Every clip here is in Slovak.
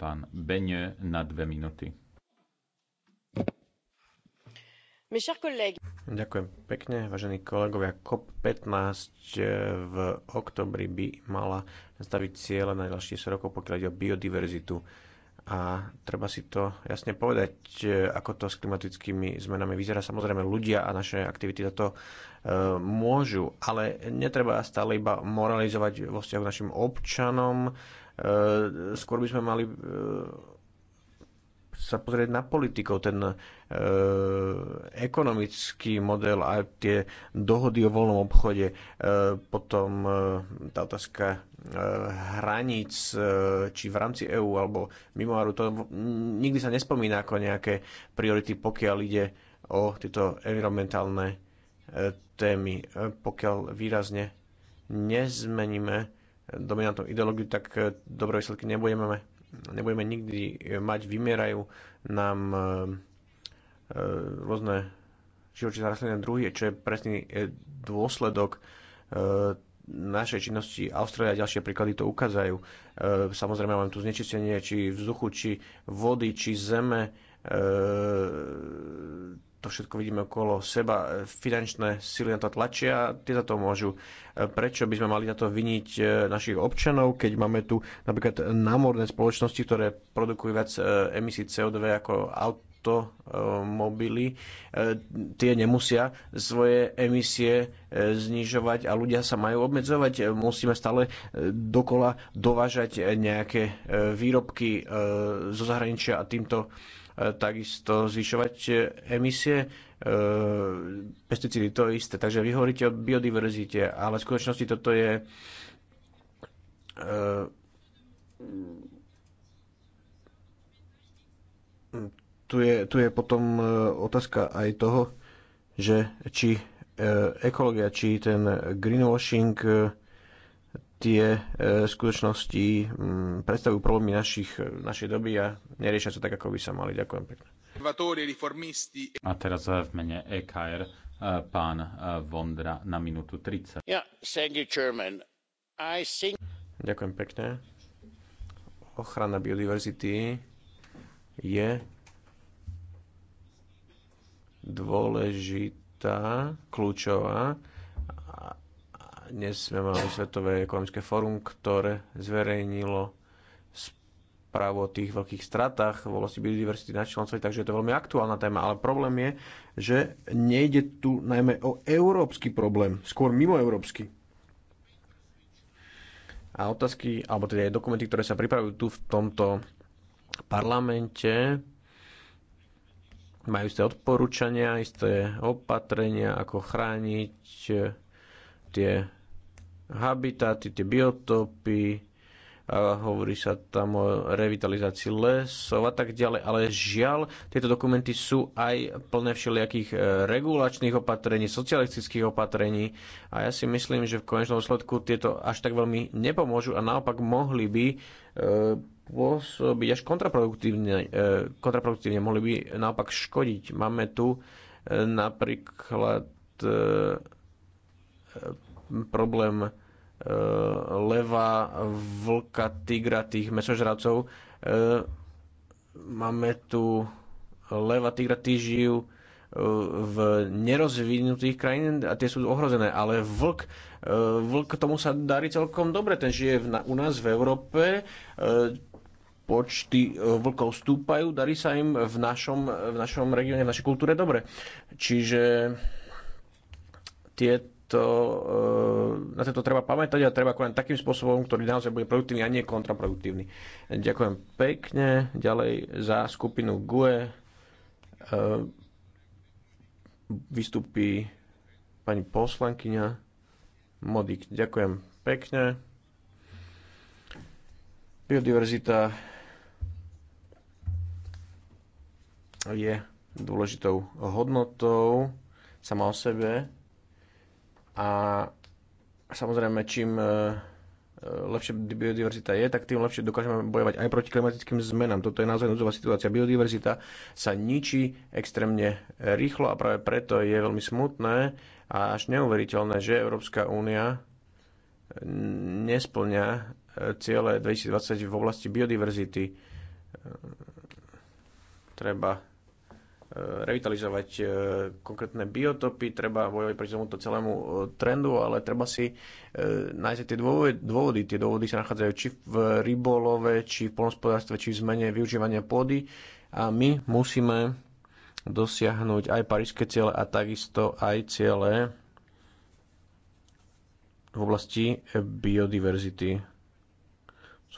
pán Beňe na dve minúty. Ďakujem pekne, vážení kolegovia. COP15 eh, v oktobri by mala nastaviť cieľe na ďalších rokov, pokiaľ ide o biodiverzitu a treba si to jasne povedať, e, ako to s klimatickými zmenami vyzerá. Samozrejme, ľudia a naše aktivity za to e, môžu, ale netreba stále iba moralizovať vo vzťahu našim občanom. E, skôr by sme mali sa pozrieť na politikov. Ten e, ekonomický model a tie dohody o voľnom obchode, e, potom e, tá otázka e, hraníc, e, či v rámci EÚ alebo mimo EÚ, to nikdy sa nespomína ako nejaké priority, pokiaľ ide o tieto environmentálne e, témy. E, pokiaľ výrazne nezmeníme dominantnú ideológiu, tak e, dobré výsledky nebudeme No, nebudeme nikdy e, mať, vymierajú nám e, e, rôzne živočíšne rastlinné druhy, čo je presný dôsledok našej činnosti Austrália a ďalšie príklady to ukazajú. Samozrejme máme tu znečistenie či vzduchu, či vody, či zeme, to všetko vidíme okolo seba. Finančné sily na to tlačia, tie za to môžu. Prečo by sme mali na to viniť e, našich občanov, keď máme tu napríklad námorné spoločnosti, ktoré produkujú viac e, emisí CO2 ako automobily, e, tie nemusia svoje emisie znižovať a ľudia sa majú obmedzovať. Musíme stále dokola dovážať nejaké výrobky zo zahraničia a týmto E, takisto zvyšovať e, emisie. E, pesticídy to isté. Takže vy hovoríte o biodiverzite, ale v skutočnosti toto je tu je, tu je potom otázka aj toho, že či ekológia, či ten greenwashing tie e, skutočnosti m, predstavujú problémy našich, našej doby a neriešia sa tak, ako by sa mali. Ďakujem pekne. A teraz v mene EKR e, pán e, Vondra na minútu 30. Yeah, thank you, chairman. I think... Ďakujem pekne. Ochrana biodiverzity je dôležitá, kľúčová dnes sme mali Svetové ekonomické fórum, ktoré zverejnilo správu o tých veľkých stratách v oblasti biodiverzity na členstve, takže je to veľmi aktuálna téma. Ale problém je, že nejde tu najmä o európsky problém, skôr mimo európsky. A otázky, alebo teda aj dokumenty, ktoré sa pripravujú tu v tomto parlamente, majú isté odporúčania, isté opatrenia, ako chrániť tie habitaty, tie biotopy, a hovorí sa tam o revitalizácii lesov a tak ďalej, ale žiaľ, tieto dokumenty sú aj plné všelijakých e, regulačných opatrení, socialistických opatrení a ja si myslím, že v konečnom dôsledku tieto až tak veľmi nepomôžu a naopak mohli by e, pôsobiť až kontraproduktívne, kontraproduktívne mohli by naopak škodiť. Máme tu e, napríklad problém E, leva, vlka, tigra, tých mesožravcov. E, máme tu leva, tigra, tí žijú e, v nerozvinutých krajinách a tie sú ohrozené, ale vlk, vlk tomu sa darí celkom dobre, ten žije v, u nás v Európe, počty vlkov stúpajú, darí sa im v našom, v našom regióne, v našej kultúre dobre. Čiže tie to, eh, na tento treba pamätať a treba konať takým spôsobom, ktorý naozaj bude produktívny a nie kontraproduktívny. Ďakujem pekne. Ďalej za skupinu GUE eh, vystupí pani poslankyňa Modik. Ďakujem pekne. Biodiverzita je dôležitou hodnotou sama o sebe a samozrejme, čím e, e, lepšia biodiverzita je, tak tým lepšie dokážeme bojovať aj proti klimatickým zmenám. Toto je naozaj núdzová situácia. Biodiverzita sa ničí extrémne rýchlo a práve preto je veľmi smutné a až neuveriteľné, že Európska únia e, nesplňa ciele 2020 v oblasti biodiverzity. Treba E, revitalizovať e, konkrétne biotopy, treba bojovať proti tomuto celému e, trendu, ale treba si nájsť tie dôvody, dôvody. Tie dôvody sa nachádzajú či v rybolove, či v polnospodárstve, či v zmene využívania pôdy a my musíme dosiahnuť aj parížské ciele a takisto aj ciele v oblasti biodiverzity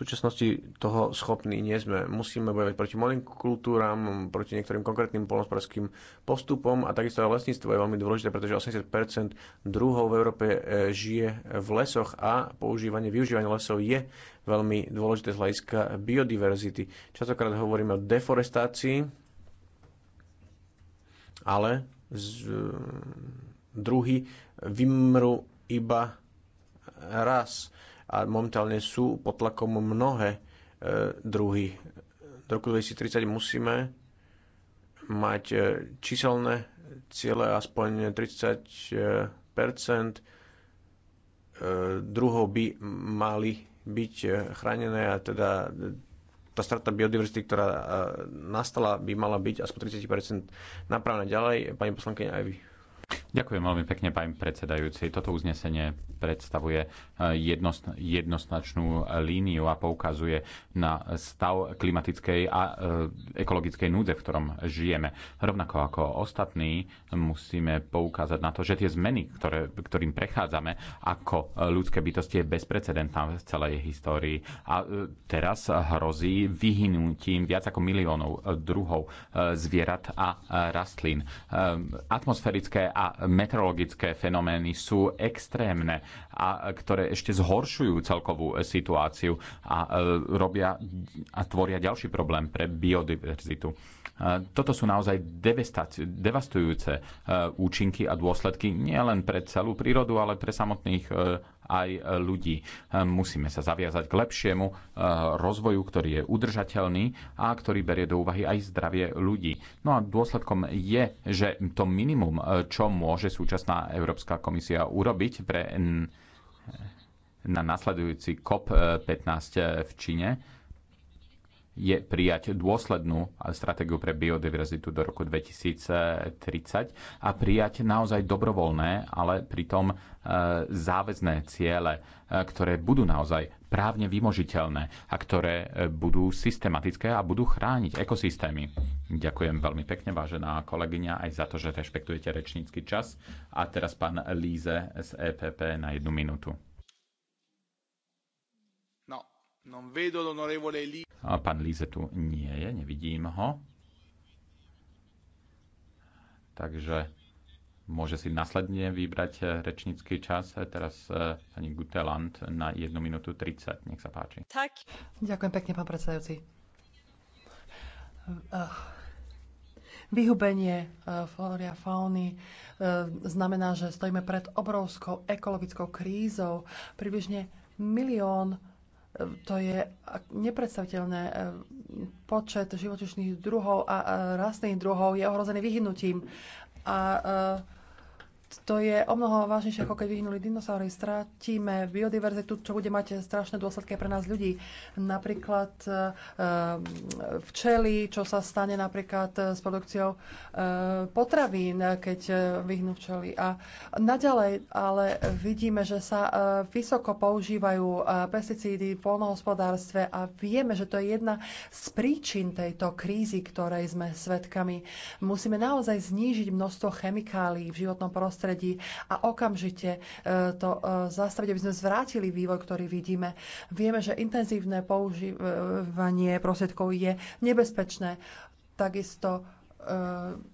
súčasnosti toho schopní nie sme. Musíme bojovať proti monokultúram, proti niektorým konkrétnym polnospodárským postupom a takisto aj lesníctvo je veľmi dôležité, pretože 80 druhov v Európe e, žije v lesoch a používanie, využívanie lesov je veľmi dôležité z hľadiska biodiverzity. Častokrát hovoríme o deforestácii, ale z, e, druhy vymru iba raz a momentálne sú pod tlakom mnohé e, druhy. Do roku 2030 musíme mať e, číselné ciele aspoň 30 e, druhov by mali byť chránené a teda tá strata biodiverzity, ktorá nastala, by mala byť aspoň 30% napravená ďalej. Pani poslankyňa, aj vy. Ďakujem veľmi pekne, pán predsedajúci. Toto uznesenie predstavuje e, jednoznačnú líniu a poukazuje na stav klimatickej a e, ekologickej núdze, v ktorom žijeme. Rovnako ako ostatní musíme poukázať na to, že tie zmeny, ktoré, ktorým prechádzame ako ľudské bytosti, je bezprecedentná v celej histórii. A e, teraz hrozí vyhnutím viac ako miliónov druhov zvierat a rastlín. Atmosférické a meteorologické fenomény sú extrémne a ktoré ešte zhoršujú celkovú situáciu a e, robia a tvoria ďalší problém pre biodiverzitu. E, toto sú naozaj devastujúce e, účinky a dôsledky nielen pre celú prírodu, ale pre samotných aj e, ľudí. E, musíme sa zaviazať k lepšiemu e, rozvoju, ktorý je udržateľný a ktorý berie do úvahy aj zdravie ľudí. No a dôsledkom je, že to minimum, čo môže súčasná Európska komisia urobiť pre na nasledujúci COP15 v Číne, je prijať dôslednú stratégiu pre biodiverzitu do roku 2030 a prijať naozaj dobrovoľné, ale pritom e, záväzné ciele, e, ktoré budú naozaj právne vymožiteľné a ktoré e, budú systematické a budú chrániť ekosystémy. Ďakujem veľmi pekne, vážená kolegyňa, aj za to, že rešpektujete rečnícky čas. A teraz pán Líze z EPP na jednu minútu. Pán Líze tu nie je, nevidím ho. Takže môže si následne vybrať eh, rečnícky čas. Eh, teraz eh, pani Guteland na 1 minútu 30. Nech sa páči. Tak. Ďakujem pekne, pán predsedajúci. Vyhubenie flóry a fauny znamená, že stojíme pred obrovskou ekologickou krízou. Približne milión to je nepredstaviteľné. Eh, počet živočišných druhov a rastných druhov je ohrozený vyhynutím. A eh, to je o mnoho vážnejšie, ako keď vyhnuli dinosaury. Strátime biodiverzitu, čo bude mať strašné dôsledky pre nás ľudí. Napríklad eh, včely, čo sa stane napríklad eh, s produkciou eh, potravín, keď vyhnú včely. A naďalej ale vidíme, že sa vysoko používajú pesticídy v polnohospodárstve a vieme, že to je jedna z príčin tejto krízy, ktorej sme svedkami. Musíme naozaj znížiť množstvo chemikálií v životnom prostredí prostredí a okamžite e, to e, zastaviť, aby sme zvrátili vývoj, ktorý vidíme. Vieme, že intenzívne používanie prostriedkov je nebezpečné. Takisto e,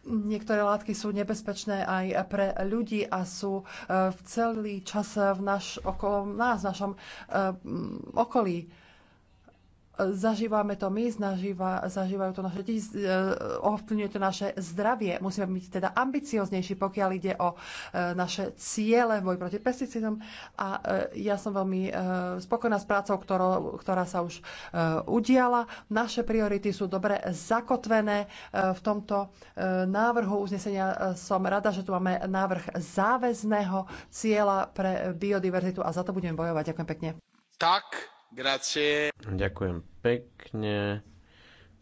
Niektoré látky sú nebezpečné aj pre ľudí a sú v celý čas v naš, okolo nás, v našom okolí zažívame to my, zažíva, zažívajú to naše deti, e, ovplyvňuje to naše zdravie. Musíme byť teda ambicioznejší, pokiaľ ide o e, naše ciele v boji proti pesticidom. A e, ja som veľmi spokojná s prácou, ktorá sa už udiala. Naše priority sú dobre zakotvené v tomto návrhu uznesenia. Som rada, že tu máme návrh záväzného cieľa pre biodiverzitu a za to budeme bojovať. Ďakujem pekne. Tak, Grazie. Ďakujem pekne.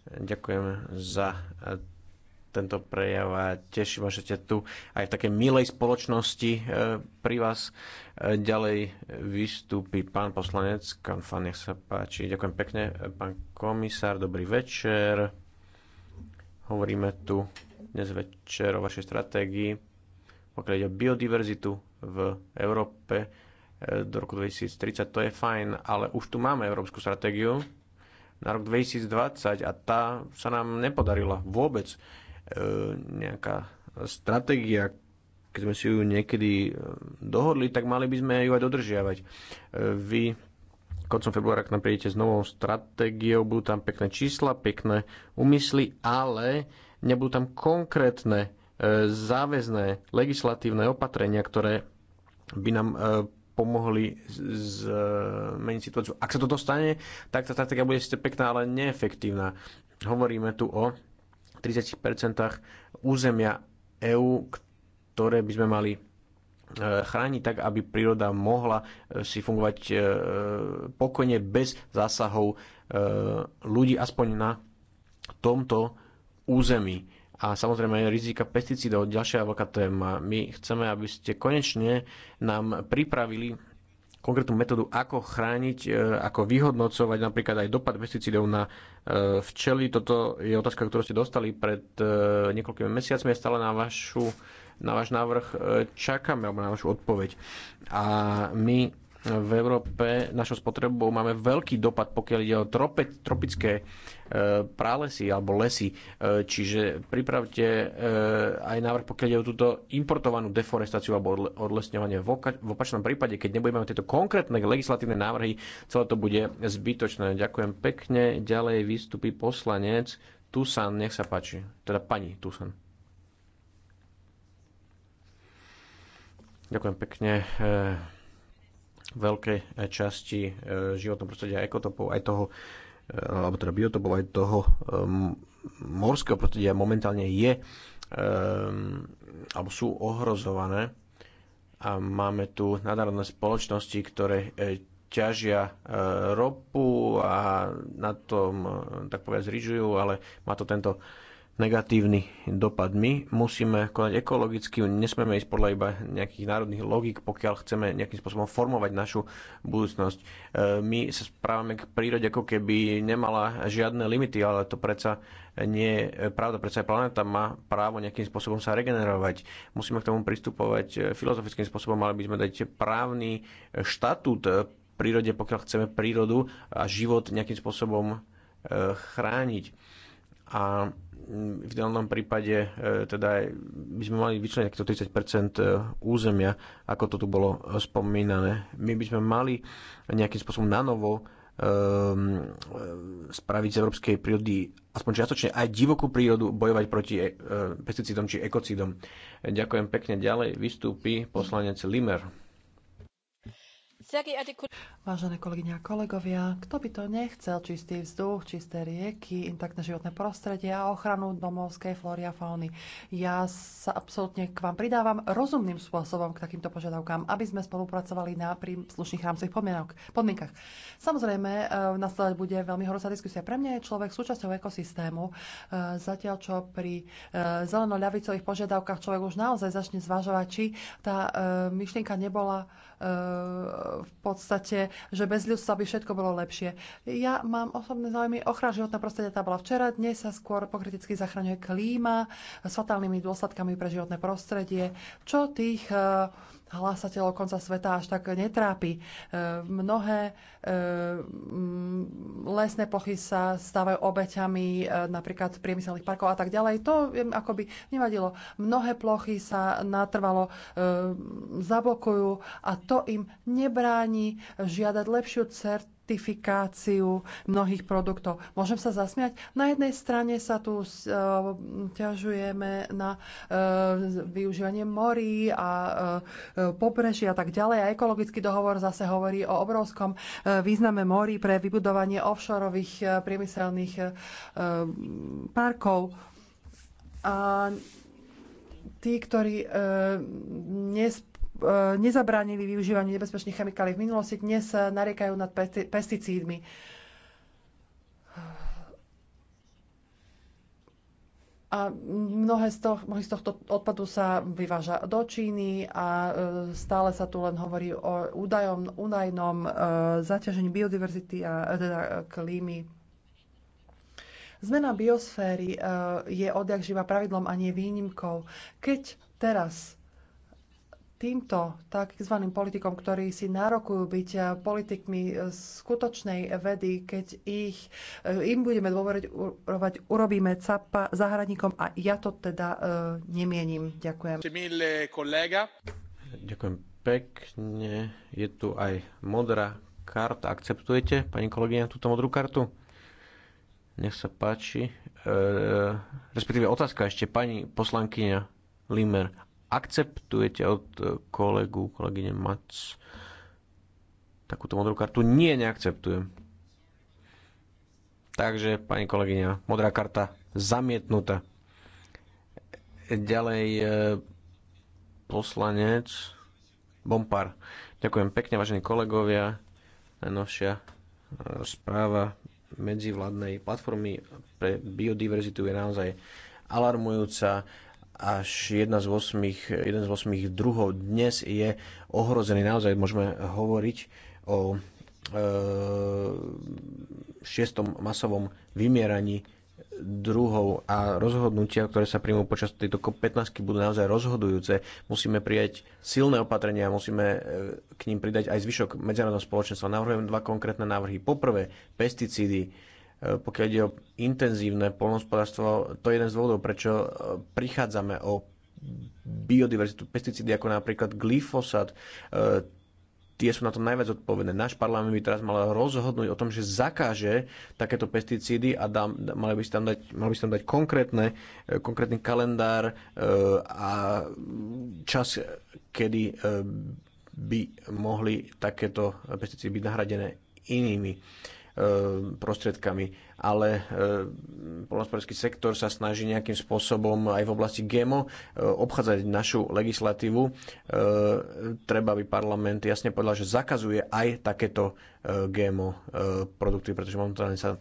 Ďakujem za tento prejav a teším, že ste tu aj v takej milej spoločnosti e, pri vás. E, ďalej vystúpi pán poslanec Kanfan, nech sa páči. Ďakujem pekne, e, pán komisár, dobrý večer. Hovoríme tu dnes večer o vašej stratégii, pokiaľ ide o biodiverzitu v Európe do roku 2030, to je fajn, ale už tu máme európsku stratégiu na rok 2020 a tá sa nám nepodarila vôbec. E, nejaká stratégia, keď sme si ju niekedy e, dohodli, tak mali by sme ju aj dodržiavať. E, vy koncom februára k nám prídete s novou stratégiou, budú tam pekné čísla, pekné úmysly, ale nebudú tam konkrétne záväzné legislatívne opatrenia, ktoré by nám pomohli zmeniť e, situáciu. Ak sa toto stane, tak tá taktika bude ste pekná, ale neefektívna. Hovoríme tu o 30% územia EÚ, ktoré by sme mali e, chrániť tak, aby príroda mohla e, si fungovať pokojne bez zásahov ľudí, aspoň na tomto území a samozrejme aj rizika pesticídov, ďalšia veľká téma. My chceme, aby ste konečne nám pripravili konkrétnu metódu, ako chrániť, e, ako vyhodnocovať napríklad aj dopad pesticídov na e, včely. Toto je otázka, ktorú ste dostali pred e, niekoľkými mesiacmi a stále na vašu na váš návrh čakáme, alebo na vašu odpoveď. A my v Európe našou spotrebou máme veľký dopad, pokiaľ ide o trope, tropické e, pralesy alebo lesy. E, čiže pripravte e, aj návrh, pokiaľ ide o túto importovanú deforestáciu alebo odlesňovanie. V, oka- v opačnom prípade, keď nebudeme mať tieto konkrétne legislatívne návrhy, celé to bude zbytočné. Ďakujem pekne. Ďalej vystupí poslanec Tusan, nech sa páči. Teda pani Tusan. Ďakujem pekne. E, veľké e, časti e, životného prostredia ekotopov, aj toho, e, alebo teda biotopov, aj toho morského prostredia momentálne je ehm, alebo sú ohrozované a máme tu nadárodné spoločnosti, ktoré ťažia ropu a na tom tak povedať zrižujú, ale má to tento negatívny dopadmi. Musíme konať ekologicky, nesmieme ísť podľa iba nejakých národných logík, pokiaľ chceme nejakým spôsobom formovať našu budúcnosť. E, my sa správame k prírode, ako keby nemala žiadne limity, ale to predsa nie je pravda. Predsa aj planéta má právo nejakým spôsobom sa regenerovať. Musíme k tomu pristupovať filozofickým spôsobom, ale by sme dať právny štatút prírode, pokiaľ chceme prírodu a život nejakým spôsobom e, chrániť. A v ideálnom prípade e, teda by sme mali vyčleniť takto 30 e, územia, ako to tu bolo spomínané. My by sme mali nejakým spôsobom nanovo novo ehm, e, spraviť z európskej prírody aspoň čiastočne aj divokú prírodu bojovať proti pesticidom pesticídom či ekocidom. Ďakujem pekne. Ďalej vystúpi poslanec Limer. Vážené kolegyne a kolegovia, kto by to nechcel? Čistý vzduch, čisté rieky, intaktné životné prostredie a ochranu domovskej flóry a fauny. Ja sa absolútne k vám pridávam rozumným spôsobom k takýmto požiadavkám, aby sme spolupracovali na slušných rámcových podmienkach. Samozrejme, e, nasledovať bude veľmi horúca diskusia. Pre mňa je človek súčasťou ekosystému, e, zatiaľ čo pri e, zeleno-ľavicových požiadavkách človek už naozaj začne zvažovať, či tá myšlienka nebola v podstate, že bez ľudstva by všetko bolo lepšie. Ja mám osobné záujmy, ochrana životného prostredia tá bola včera, dnes sa skôr pokriticky zachraňuje klíma s fatálnymi dôsledkami pre životné prostredie. Čo tých uh, hlásateľov konca sveta až tak netrápi. E, mnohé e, lesné plochy sa stávajú obeťami e, napríklad priemyselných parkov a tak ďalej. To akoby nevadilo. Mnohé plochy sa natrvalo zablokujú a to im nebráni žiadať lepšiu cert certifikáciu mnohých produktov. Môžem sa zasmiať? Na jednej strane sa tu e, ťažujeme na e, využívanie morí a e, pobreží a tak ďalej. A ekologický dohovor zase hovorí o obrovskom význame morí pre vybudovanie offshoreových priemyselných parkov. A tí, ktorí e, E, nezabránili využívaní nebezpečných chemikálií v minulosti, dnes nariekajú nad pesticídmi. A mnohé z, toho, mnohé z tohto odpadu sa vyváža do Číny a e, stále sa tu len hovorí o údajom, údajnom e, zaťažení biodiverzity a teda klímy. Zmena biosféry je odjak živa pravidlom a nie výnimkou. Keď teraz týmto tzv. politikom, ktorí si nárokujú byť eh, politikmi eh, skutočnej vedy, keď ich, eh, im budeme dôverovať, urobíme capa zahradníkom a ja to teda uh, nemienim. Ďakujem. Ďakujem pekne. Je tu aj modrá karta. Akceptujete, pani kolegyňa, túto modrú kartu? Nech sa páči. E, respektíve otázka ešte, pani poslankyňa Limer akceptujete od e, kolegu, kolegyne Mac takúto modrú kartu? Nie, neakceptujem. Takže, pani kolegyňa, modrá karta zamietnutá. Ďalej e, poslanec Bompar. Ďakujem pekne, vážení kolegovia. Najnovšia e, správa medzivládnej platformy pre biodiverzitu je naozaj alarmujúca až jedna z 8, jeden z 8 druhov dnes je ohrozený. Naozaj môžeme hovoriť o e, šiestom masovom vymieraní druhov a rozhodnutia, ktoré sa príjmú počas tejto COP15 budú naozaj rozhodujúce. Musíme prijať silné opatrenia, musíme e, k ním pridať aj zvyšok medzinárodného spoločenstva. Navrhujem dva konkrétne návrhy. Poprvé, pesticídy E, pokiaľ ide o intenzívne polnospodárstvo, to je jeden z dôvodov, prečo e, prichádzame o biodiverzitu, pesticídy ako napríklad glyfosát, e, tie sú na to najviac odpovedné. Náš parlament by teraz mal rozhodnúť o tom, že zakáže takéto pesticídy a dá, mali, by si tam dať, mali by si tam dať konkrétne, konkrétny kalendár a čas, kedy by mohli takéto pesticídy byť nahradené inými E, prostriedkami. Ale e, polnospodársky sektor sa snaží nejakým spôsobom aj v oblasti GMO e, obchádzať našu legislatívu. Treba, aby parlament jasne povedal, že zakazuje aj takéto GMO produkty, pretože momentálne sa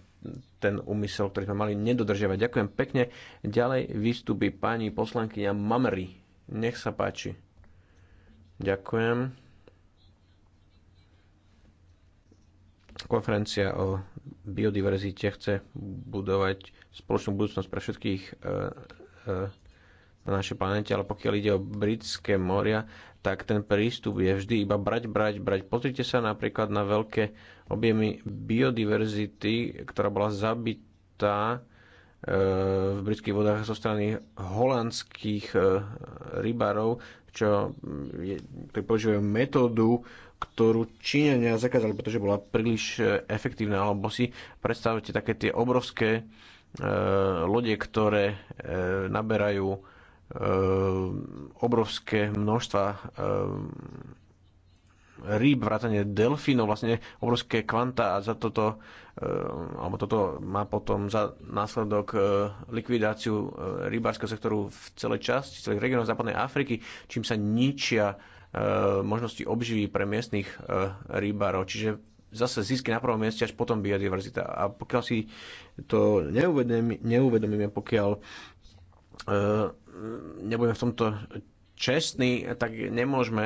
ten úmysel, ktorý sme mali nedodržiavať. Ďakujem pekne. Ďalej vystúpi pani poslankyňa Mamry. Nech sa páči. Ďakujem. konferencia o biodiverzite chce budovať spoločnú budúcnosť pre všetkých e, e, na našej planete, ale pokiaľ ide o britské moria, tak ten prístup je vždy iba brať, brať, brať. Pozrite sa napríklad na veľké objemy biodiverzity, ktorá bola zabitá e, v britských vodách zo strany holandských rybárov, čo, ktorí používajú metódu ktorú Číňania zakázali, pretože bola príliš e, efektívna. Alebo si predstavte také tie obrovské e, lode, ktoré e, naberajú e, obrovské množstva e, rýb, vrátane delfínov, vlastne obrovské kvanta a za toto, e, alebo toto má potom za následok e, likvidáciu rybárskeho sektoru v celej časti, celých regiónoch západnej Afriky, čím sa ničia Eh, možnosti obživy pre miestných eh, rybárov. Čiže zase zisky na prvom mieste, až potom biodiverzita. A pokiaľ si to neuvedomíme, neuvedomíme pokiaľ eh, nebudeme v tomto čestní, tak nemôžeme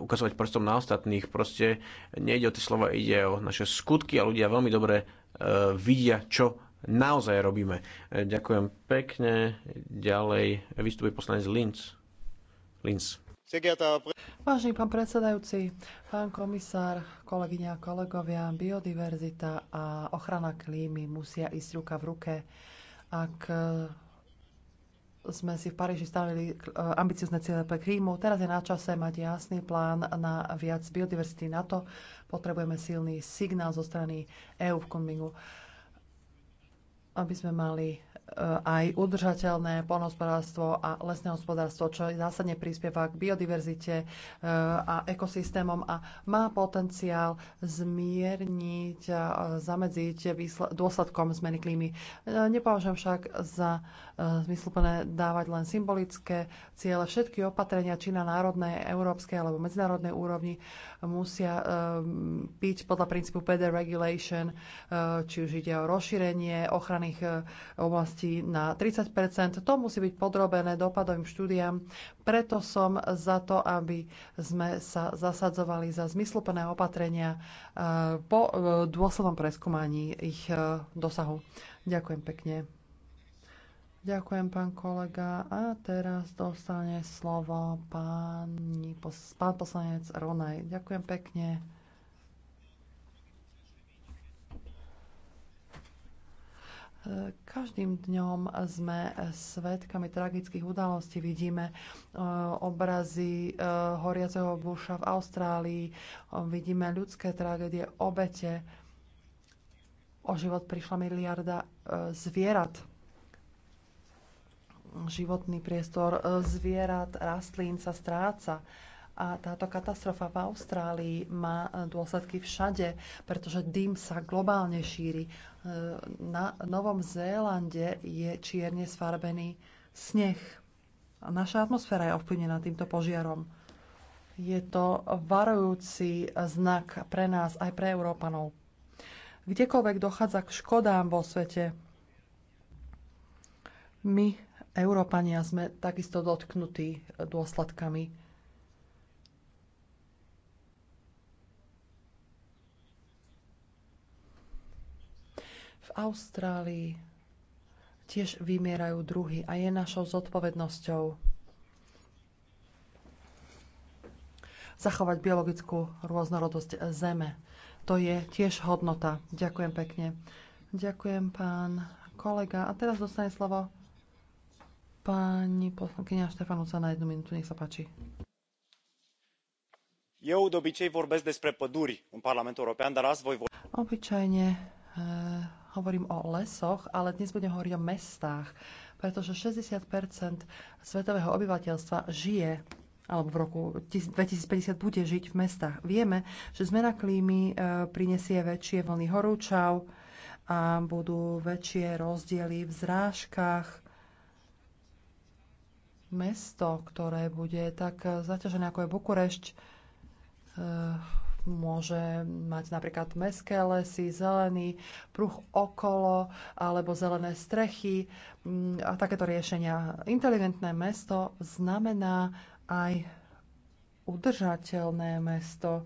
ukazovať prstom na ostatných. Proste nejde o tie slova, ide o naše skutky a ľudia veľmi dobre vidia, čo naozaj robíme. Ďakujem pekne. Ďalej vystupuje poslanec Linz. Linz. Vážený pán predsedajúci, pán komisár, kolegyne a kolegovia, biodiverzita a ochrana klímy musia ísť ruka v ruke. Ak e, sme si v Paríži stavili e, ambiciozne cieľe pre klímu, teraz je na čase mať jasný plán na viac biodiverzity na to. Potrebujeme silný signál zo strany EÚ v Kunmingu aby sme mali Eh, aj udržateľné polnohospodárstvo a lesné hospodárstvo, čo zásadne prispieva k biodiverzite eh, a ekosystémom a má potenciál zmierniť a zamedziť dôsledkom zmeny klímy. Eh, nepovažujem však za zmysluplné dávať len symbolické ciele. Všetky opatrenia, či na národnej, európskej alebo medzinárodnej úrovni, musia byť podľa princípu PD regulation, či už ide o rozšírenie ochranných oblastí účasti na 30 To musí byť podrobené dopadovým štúdiám. Preto som za to, aby sme sa zasadzovali za zmysluplné opatrenia e, po e, dôslednom preskúmaní ich e, dosahu. Ďakujem pekne. Ďakujem, pán kolega. A teraz dostane slovo pán, pán poslanec Ronaj. Ďakujem pekne. Každým dňom sme svetkami tragických udalostí. Vidíme eh, obrazy eh, horiaceho buša v Austrálii, vidíme ľudské tragédie, obete. O život prišla miliarda eh, zvierat. Životný priestor zvierat, rastlín sa stráca a táto katastrofa v Austrálii má e, dôsledky všade, pretože dym sa globálne šíri. E, na Novom Zélande je čierne sfarbený sneh. A naša atmosféra je ovplyvnená týmto požiarom. Je to varujúci znak pre nás aj pre Európanov. Kdekoľvek dochádza k škodám vo svete, my, Európania, sme takisto dotknutí dôsledkami V Austrálii tiež vymierajú druhy a je našou zodpovednosťou zachovať biologickú rôznorodosť zeme. To je tiež hodnota. Ďakujem pekne. Ďakujem, pán kolega. A teraz dostane slovo pani poslankyňa Štefanúca na jednu minútu. Nech sa páči. Eu de obicei vorbesc despre păduri în Parlamentul European, dar azi voi vorbi... Obyčajne Eh, hovorím o lesoch, ale dnes budem hovoriť o mestách, pretože 60 svetového obyvateľstva žije alebo v roku 2050 bude žiť v mestách. Vieme, že zmena klímy eh, prinesie väčšie vlny horúčav a budú väčšie rozdiely v zrážkach. Mesto, ktoré bude tak zaťažené ako je Bukurešť, eh, môže mať napríklad meské lesy, zelený pruh okolo alebo zelené strechy mm, a takéto riešenia. Inteligentné mesto znamená aj udržateľné mesto.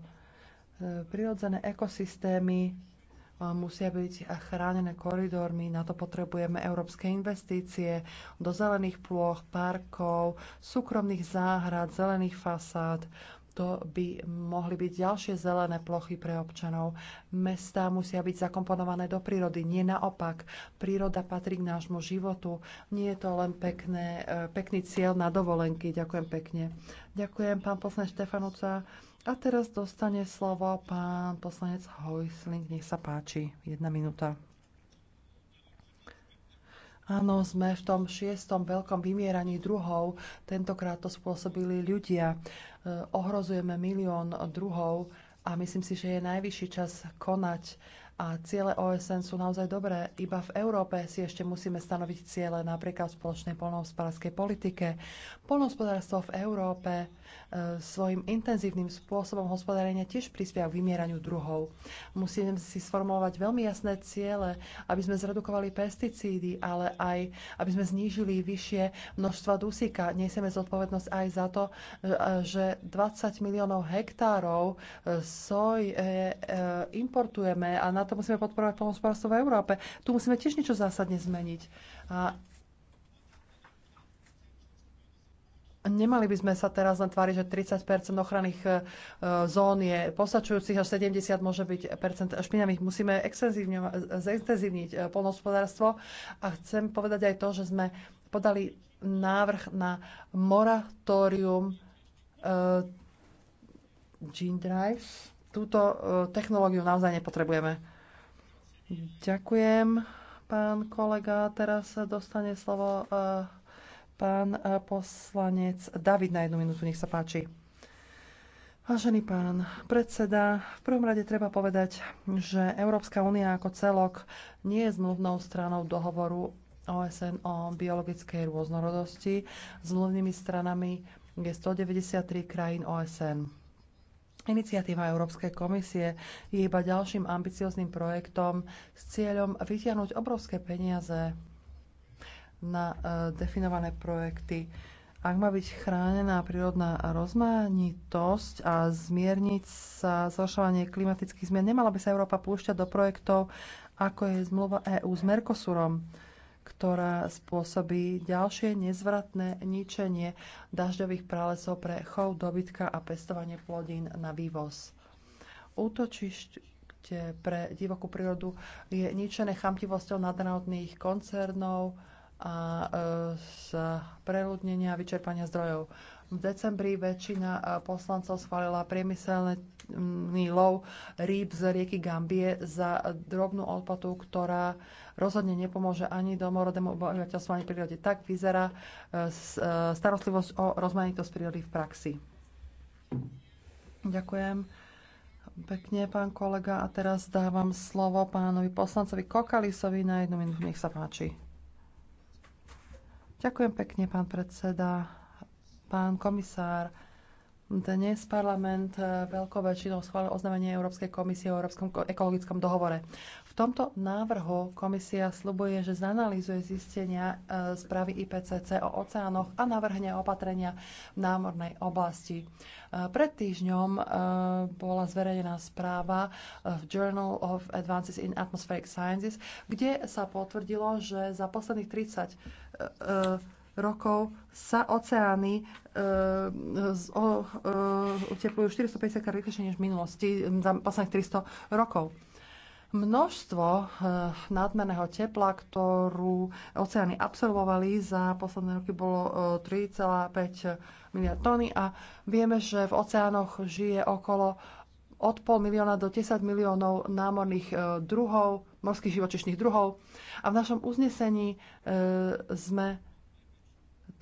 E, prirodzené ekosystémy e, musia byť chránené koridormi, na to potrebujeme európske investície do zelených plôch, parkov, súkromných záhrad, zelených fasád to by mohli byť ďalšie zelené plochy pre občanov. Mestá musia byť zakomponované do prírody, nie naopak. Príroda patrí k nášmu životu. Nie je to len pekné, e, pekný cieľ na dovolenky. Ďakujem pekne. Ďakujem pán poslanec Štefanúca. A teraz dostane slovo pán poslanec Hojsling. Nech sa páči. Jedna minúta. Áno, sme v tom šiestom veľkom vymieraní druhov. Tentokrát to spôsobili ľudia. E, ohrozujeme milión druhov a myslím si, že je najvyšší čas konať a ciele OSN sú naozaj dobré. Iba v Európe si ešte musíme stanoviť ciele napríklad v spoločnej polnohospodárskej politike. Polnohospodárstvo v Európe e, svojim intenzívnym spôsobom hospodárenia tiež prispieva k vymieraniu druhov. Musíme si sformulovať veľmi jasné ciele, aby sme zredukovali pesticídy, ale aj aby sme znížili vyššie množstva dusíka. Nesieme zodpovednosť aj za to, e, e, že 20 miliónov hektárov e, soj e, e, importujeme a na na to musíme podporovať polnospodárstvo v Európe. Tu musíme tiež niečo zásadne zmeniť. A Nemali by sme sa teraz na tvári, že 30 ochranných e, zón je postačujúcich a 70 môže byť percent špinavých. Musíme zintenzívniť e, polnohospodárstvo a chcem povedať aj to, že sme podali návrh na moratórium uh, Gene Drive. Túto uh, technológiu naozaj nepotrebujeme. Ďakujem, pán kolega. Teraz dostane slovo eh, pán eh, poslanec David na jednu minútu. Nech sa páči. Vážený pán predseda, v prvom rade treba povedať, že Európska únia ako celok nie je zmluvnou stranou dohovoru OSN o biologickej rôznorodosti. Zmluvnými stranami je 193 krajín OSN. Iniciatíva Európskej komisie je iba ďalším ambiciozným projektom s cieľom vytiahnuť obrovské peniaze na e, definované projekty. Ak má byť chránená prírodná rozmanitosť a zmierniť sa zhoršovanie klimatických zmien, nemala by sa Európa púšťať do projektov, ako je zmluva EÚ s Mercosurom ktorá spôsobí ďalšie nezvratné ničenie dažďových pralesov pre chov dobytka a pestovanie plodín na vývoz. Útočište pre divokú prírodu je ničené chamtivosťou nadnárodných koncernov a e, z preľudnenia a vyčerpania zdrojov. V decembri väčšina e, poslancov schválila priemyselný lov rýb z rieky Gambie za drobnú odplatu, ktorá rozhodne nepomôže ani domorodému obyvateľstvu, ani prírode. Tak vyzerá e, e, starostlivosť o rozmanitosť prírody v praxi. Ďakujem pekne, pán kolega. A teraz dávam slovo pánovi poslancovi Kokalisovi na jednu minútu. Nech sa páči. Ďakujem pekne, pán predseda. Pán komisár, dnes parlament e, veľkou väčšinou schválil oznámenie Európskej komisie o Európskom ekologickom dohovore. V tomto návrhu komisia slubuje, že zanalýzuje zistenia e, správy IPCC o oceánoch a navrhne opatrenia v námornej oblasti. E, pred týždňom bola zverejnená správa v Journal of Advances in Atmospheric Sciences, kde sa potvrdilo, že za posledných 30 rokov sa oceány e, e, uteplujú 450 krát rýchlejšie než v minulosti za posledných 300 rokov. Množstvo e, nadmerného tepla, ktorú oceány absorbovali za posledné roky, bolo 3,5 miliard tony a vieme, že v oceánoch žije okolo od pol milióna do 10 miliónov námorných druhov, morských živočišných druhov. A v našom uznesení e, sme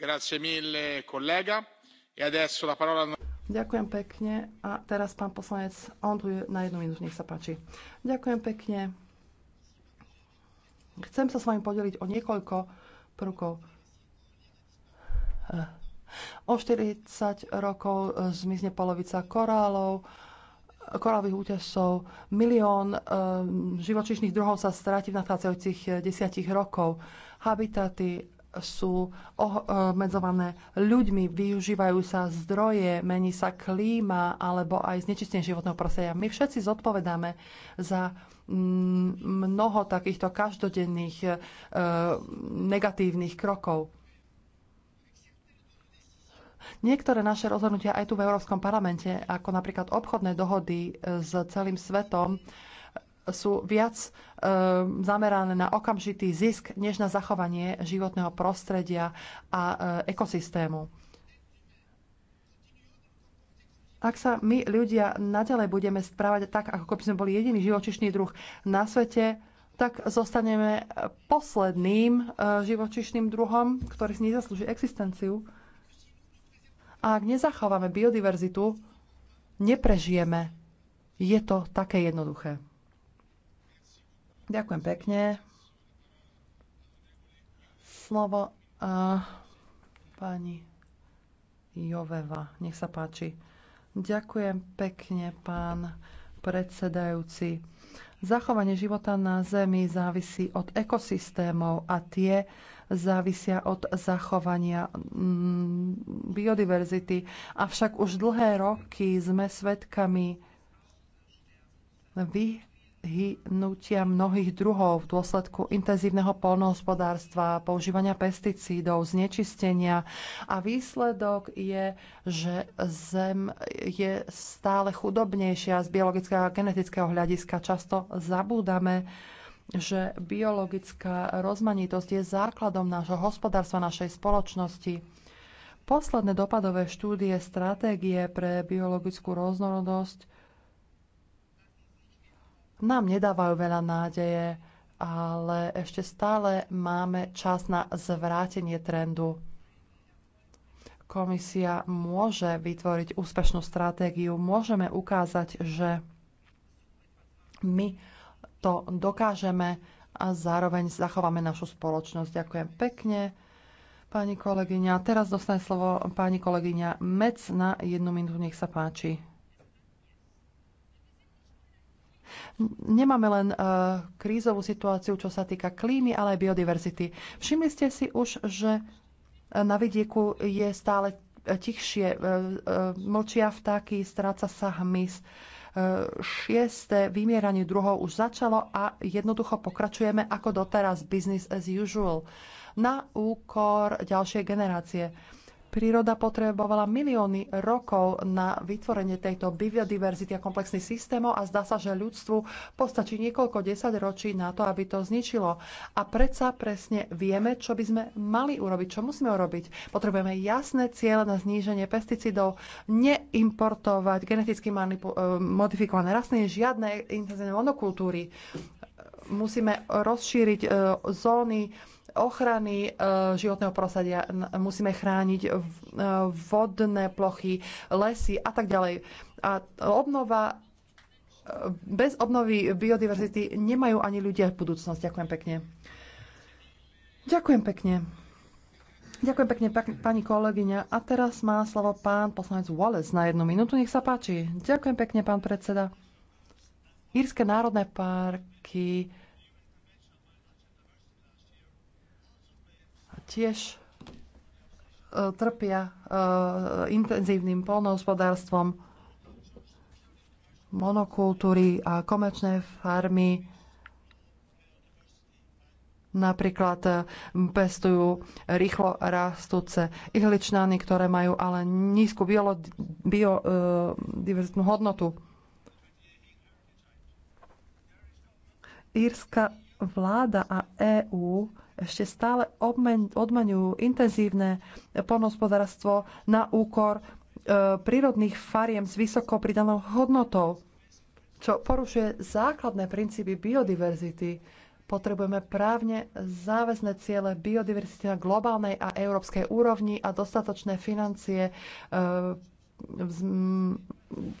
E no- Ďakujem pekne. A teraz pán poslanec Andrew na jednu minútu, nech sa páči. Ďakujem pekne. Chcem sa s vami podeliť o niekoľko prvkov. O 40 rokov zmizne polovica korálov, korálových útesov, milión eh, živočíšnych druhov sa stráti v nadchádzajúcich eh, desiatich rokov. Habitaty sú obmedzované ľuďmi, využívajú sa zdroje, mení sa klíma alebo aj znečistenie životného prostredia. My všetci zodpovedáme za mm, mnoho takýchto každodenných e, negatívnych krokov. Niektoré naše rozhodnutia aj tu v Európskom parlamente, ako napríklad obchodné dohody s celým svetom, sú viac e, zamerané na okamžitý zisk, než na zachovanie životného prostredia a e, ekosystému. Ak sa my ľudia naďalej budeme správať tak, ako by sme boli jediný živočišný druh na svete, tak zostaneme posledným e, živočišným druhom, ktorý si nezaslúži existenciu. A ak nezachováme biodiverzitu, neprežijeme. Je to také jednoduché. Ďakujem pekne. Slovo a eh, pani Joveva. Nech sa páči. Ďakujem pekne, pán predsedajúci. Zachovanie života na Zemi závisí od ekosystémov a tie závisia od zachovania mm, biodiverzity. Avšak už dlhé roky sme svedkami vy hynutia mnohých druhov v dôsledku intenzívneho polnohospodárstva, používania pesticídov, znečistenia a výsledok je, že zem je stále chudobnejšia z biologického a genetického hľadiska. Často zabúdame, že biologická rozmanitosť je základom nášho hospodárstva, našej spoločnosti. Posledné dopadové štúdie stratégie pre biologickú rôznorodosť nám nedávajú veľa nádeje, ale ešte stále máme čas na zvrátenie trendu. Komisia môže vytvoriť úspešnú stratégiu, môžeme ukázať, že my to dokážeme a zároveň zachováme našu spoločnosť. Ďakujem pekne pani kolegyňa. Teraz dostane slovo pani kolegyňa Mec na jednu minútu, nech sa páči. Nemáme len e, krízovú situáciu, čo sa týka klímy, ale aj biodiverzity. Všimli ste si už, že e, na vidieku je stále tichšie, e, mlčia vtáky, stráca sa hmyz šieste vymieranie druhov už začalo a jednoducho pokračujeme ako doteraz business as usual na úkor ďalšej generácie. Príroda potrebovala milióny rokov na vytvorenie tejto biodiverzity a komplexných systémov a zdá sa, že ľudstvu postačí niekoľko desaťročí na to, aby to zničilo. A predsa presne vieme, čo by sme mali urobiť, čo musíme urobiť. Potrebujeme jasné cieľe na zníženie pesticidov, neimportovať geneticky eh, modifikované rastliny, žiadne intenzívne monokultúry. Musíme rozšíriť eh, zóny ochrany e, životného prostredia, musíme chrániť e, vodné plochy, lesy a tak ďalej. A obnova e, bez obnovy biodiverzity nemajú ani ľudia v budúcnosť. Ďakujem pekne. Ďakujem pekne. Ďakujem pekne, pani kolegyňa. A teraz má slovo pán poslanec Wallace na jednu minútu. Nech sa páči. Ďakujem pekne, pán predseda. Írske národné parky tiež e, trpia e, intenzívnym polnohospodárstvom, monokultúry a komerčné farmy napríklad e, pestujú rýchlo rastúce ihličnany, ktoré majú ale nízku biodiverzitnú hodnotu. Írska vláda a EÚ ešte stále odmenujú intenzívne poľnohospodárstvo na úkor e, prírodných fariem s vysokou pridanou hodnotou, čo porušuje základné princípy biodiverzity. Potrebujeme právne záväzné ciele biodiverzity na globálnej a európskej úrovni a dostatočné financie e, v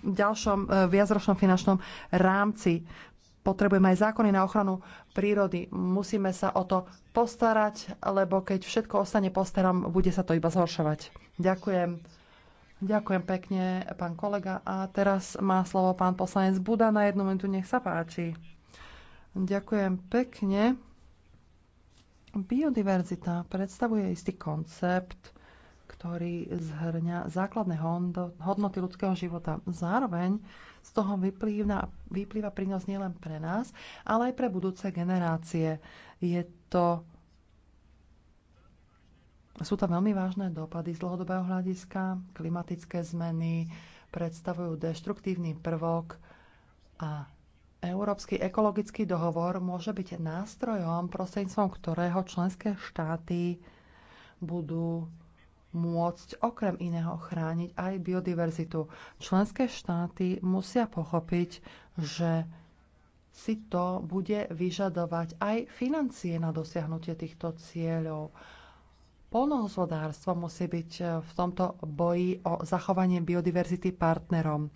ďalšom e, viacročnom finančnom rámci potrebujeme aj zákony na ochranu prírody. Musíme sa o to postarať, lebo keď všetko ostane postarom, bude sa to iba zhoršovať. Ďakujem. Ďakujem pekne, pán kolega. A teraz má slovo pán poslanec Buda na jednu minútu. Nech sa páči. Ďakujem pekne. Biodiverzita predstavuje istý koncept, ktorý zhrňa základné hodnoty ľudského života. Zároveň z toho vyplýva, vyplýva prínos nielen pre nás, ale aj pre budúce generácie. Je to sú tam veľmi vážne dopady z dlhodobého hľadiska. Klimatické zmeny predstavujú deštruktívny prvok a Európsky ekologický dohovor môže byť nástrojom, prostredníctvom ktorého členské štáty budú môcť okrem iného chrániť aj biodiverzitu. Členské štáty musia pochopiť, že si to bude vyžadovať aj financie na dosiahnutie týchto cieľov. Polnohospodárstvo musí byť eh, v tomto boji o zachovanie biodiverzity partnerom.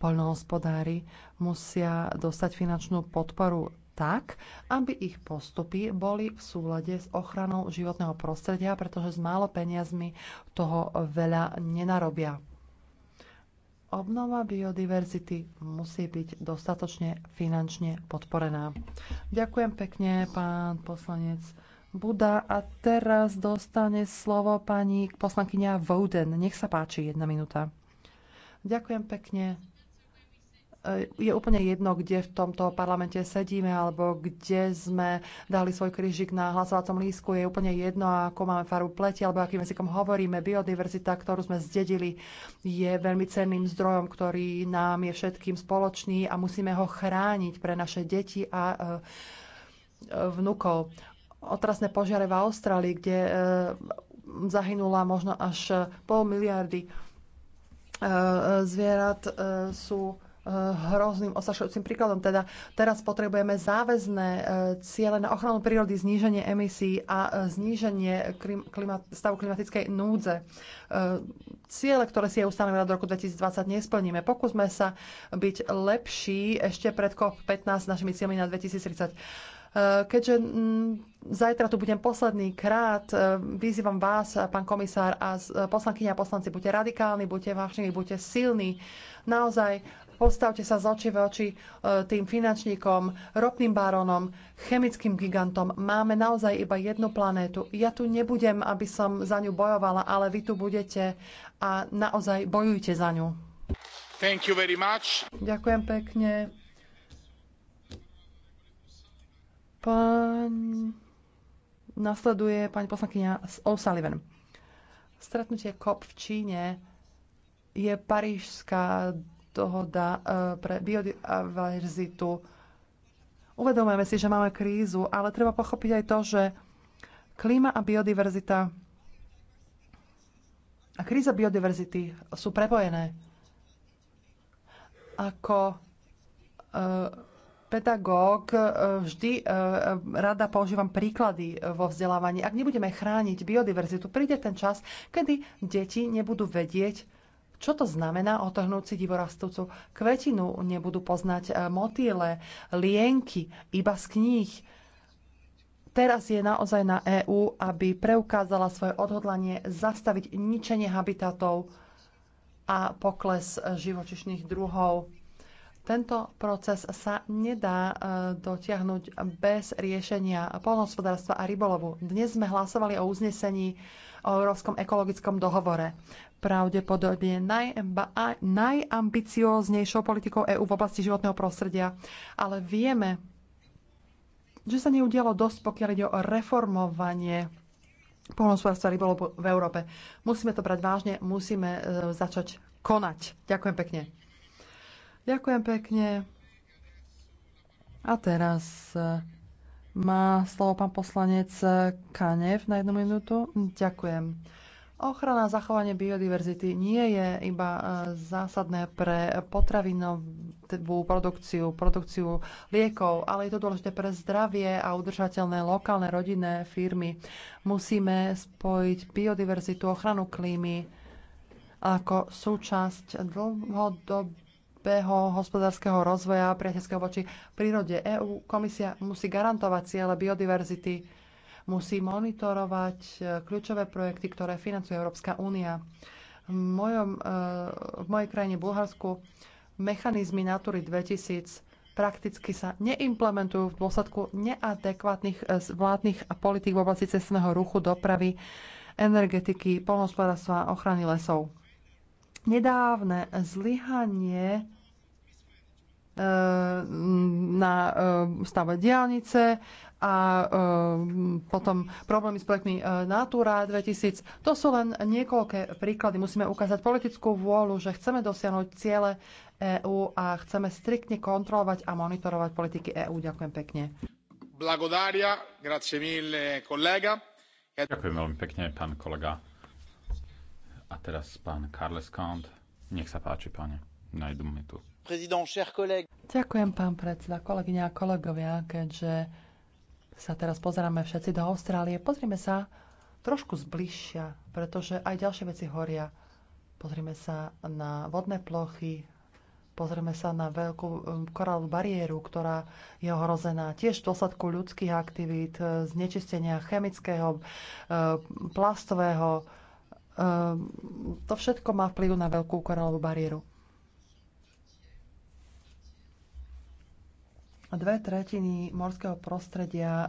Polnohospodári musia dostať finančnú podporu tak, aby ich postupy boli v súlade s ochranou životného prostredia, pretože s málo peniazmi toho veľa nenarobia. Obnova biodiverzity musí byť dostatočne finančne podporená. Ďakujem pekne, pán poslanec Buda. A teraz dostane slovo pani poslankyňa Vouden. Nech sa páči, jedna minúta. Ďakujem pekne. E, je úplne jedno, kde v tomto parlamente sedíme alebo kde sme dali svoj krížik na hlasovacom lístku. Je úplne jedno, ako máme farbu pleti alebo akým jazykom hovoríme. Biodiverzita, ktorú sme zdedili, je veľmi cenným zdrojom, ktorý nám je všetkým spoločný a musíme ho chrániť pre naše deti a e, e, vnukov. Otrasné požiare v Austrálii, kde zahynula možno až pol miliardy zvierat sú hrozným osašujúcim príkladom. Teda teraz potrebujeme záväzné e, ciele na ochranu prírody, zníženie emisí a e, zníženie klim, klimat, stavu klimatickej núdze. E, ciele, ktoré si je ustanovila do roku 2020, nesplníme. Pokúsme sa byť lepší ešte pred COP15 s našimi cieľmi na 2030. Keďže zajtra tu budem posledný krát, vyzývam vás, pán komisár a poslankyňa a poslanci, buďte radikálni, buďte vášni, buďte silní. Naozaj Postavte sa z oči v oči e, tým finančníkom, ropným baronom, chemickým gigantom. Máme naozaj iba jednu planétu. Ja tu nebudem, aby som za ňu bojovala, ale vy tu budete a naozaj bojujte za ňu. Thank you very much. Ďakujem pekne. Pán... Nasleduje pani poslankyňa O'Sullivan. Stretnutie COP v Číne je parížská dohoda eh, pre biodiverzitu. Uvedomujeme si, že máme krízu, ale treba pochopiť aj to, že klíma a biodiverzita a kríza biodiverzity sú prepojené. Ako eh, pedagóg eh, vždy rada používam príklady vo vzdelávaní. Ak nebudeme chrániť biodiverzitu, príde ten čas, kedy deti nebudú vedieť, čo to znamená otrhnúť si divorastúcu kvetinu? Nebudú poznať e, motýle, lienky, iba z kníh. Teraz je naozaj na EÚ, aby preukázala svoje odhodlanie zastaviť ničenie habitatov a pokles e, živočišných druhov. Tento proces sa nedá e, dotiahnuť bez riešenia polnohospodárstva a rybolovu. Dnes sme hlasovali o uznesení o Európskom ekologickom dohovore pravdepodobne najambicióznejšou politikou EÚ v oblasti životného prostredia. Ale vieme, že sa neudialo dosť, pokiaľ ide o reformovanie polnospodárstva rybolovu v Európe. Musíme to brať vážne, musíme e, začať konať. Ďakujem pekne. Ďakujem pekne. A teraz e, má slovo pán poslanec Kanev na jednu minútu. Ďakujem. Ochrana a zachovanie biodiverzity nie je iba e, zásadné pre potravinovú produkciu, produkciu liekov, ale je to dôležité pre zdravie a udržateľné lokálne rodinné firmy. Musíme spojiť biodiverzitu, ochranu klímy ako súčasť dlhodobého hospodárskeho rozvoja priateľského voči prírode. EÚ komisia musí garantovať ciele biodiverzity musí monitorovať e, kľúčové projekty, ktoré financuje Európska únia. V, mojom, e, v mojej krajine Bulharsku mechanizmy Natury 2000 prakticky sa neimplementujú v dôsledku neadekvátnych e, vládnych politík v oblasti cestného ruchu, dopravy, energetiky, polnohospodárstva a ochrany lesov. Nedávne zlyhanie Eh, na eh, stave diálnice a eh, potom problémy s projektmi Natura 2000. To sú len niekoľké príklady. Musíme ukázať politickú vôľu, že chceme dosiahnuť ciele EÚ a chceme striktne kontrolovať a monitorovať politiky EÚ. Ďakujem pekne. grazie mille, kolega. Ďakujem veľmi pekne, pán kolega. A teraz pán Karles Kant. Nech sa páči, pane. Na jednu tu. Ďakujem, pán predseda, kolegyňa a kolegovia, keďže sa teraz pozeráme všetci do Austrálie. Pozrime sa trošku zbližšia, pretože aj ďalšie veci horia. Pozrime sa na vodné plochy, pozrieme sa na veľkú um, koralovú bariéru, ktorá je ohrozená tiež v dôsledku ľudských aktivít, e, znečistenia chemického, e, plastového. E, to všetko má vplyv na veľkú koralovú bariéru. dve tretiny morského prostredia e,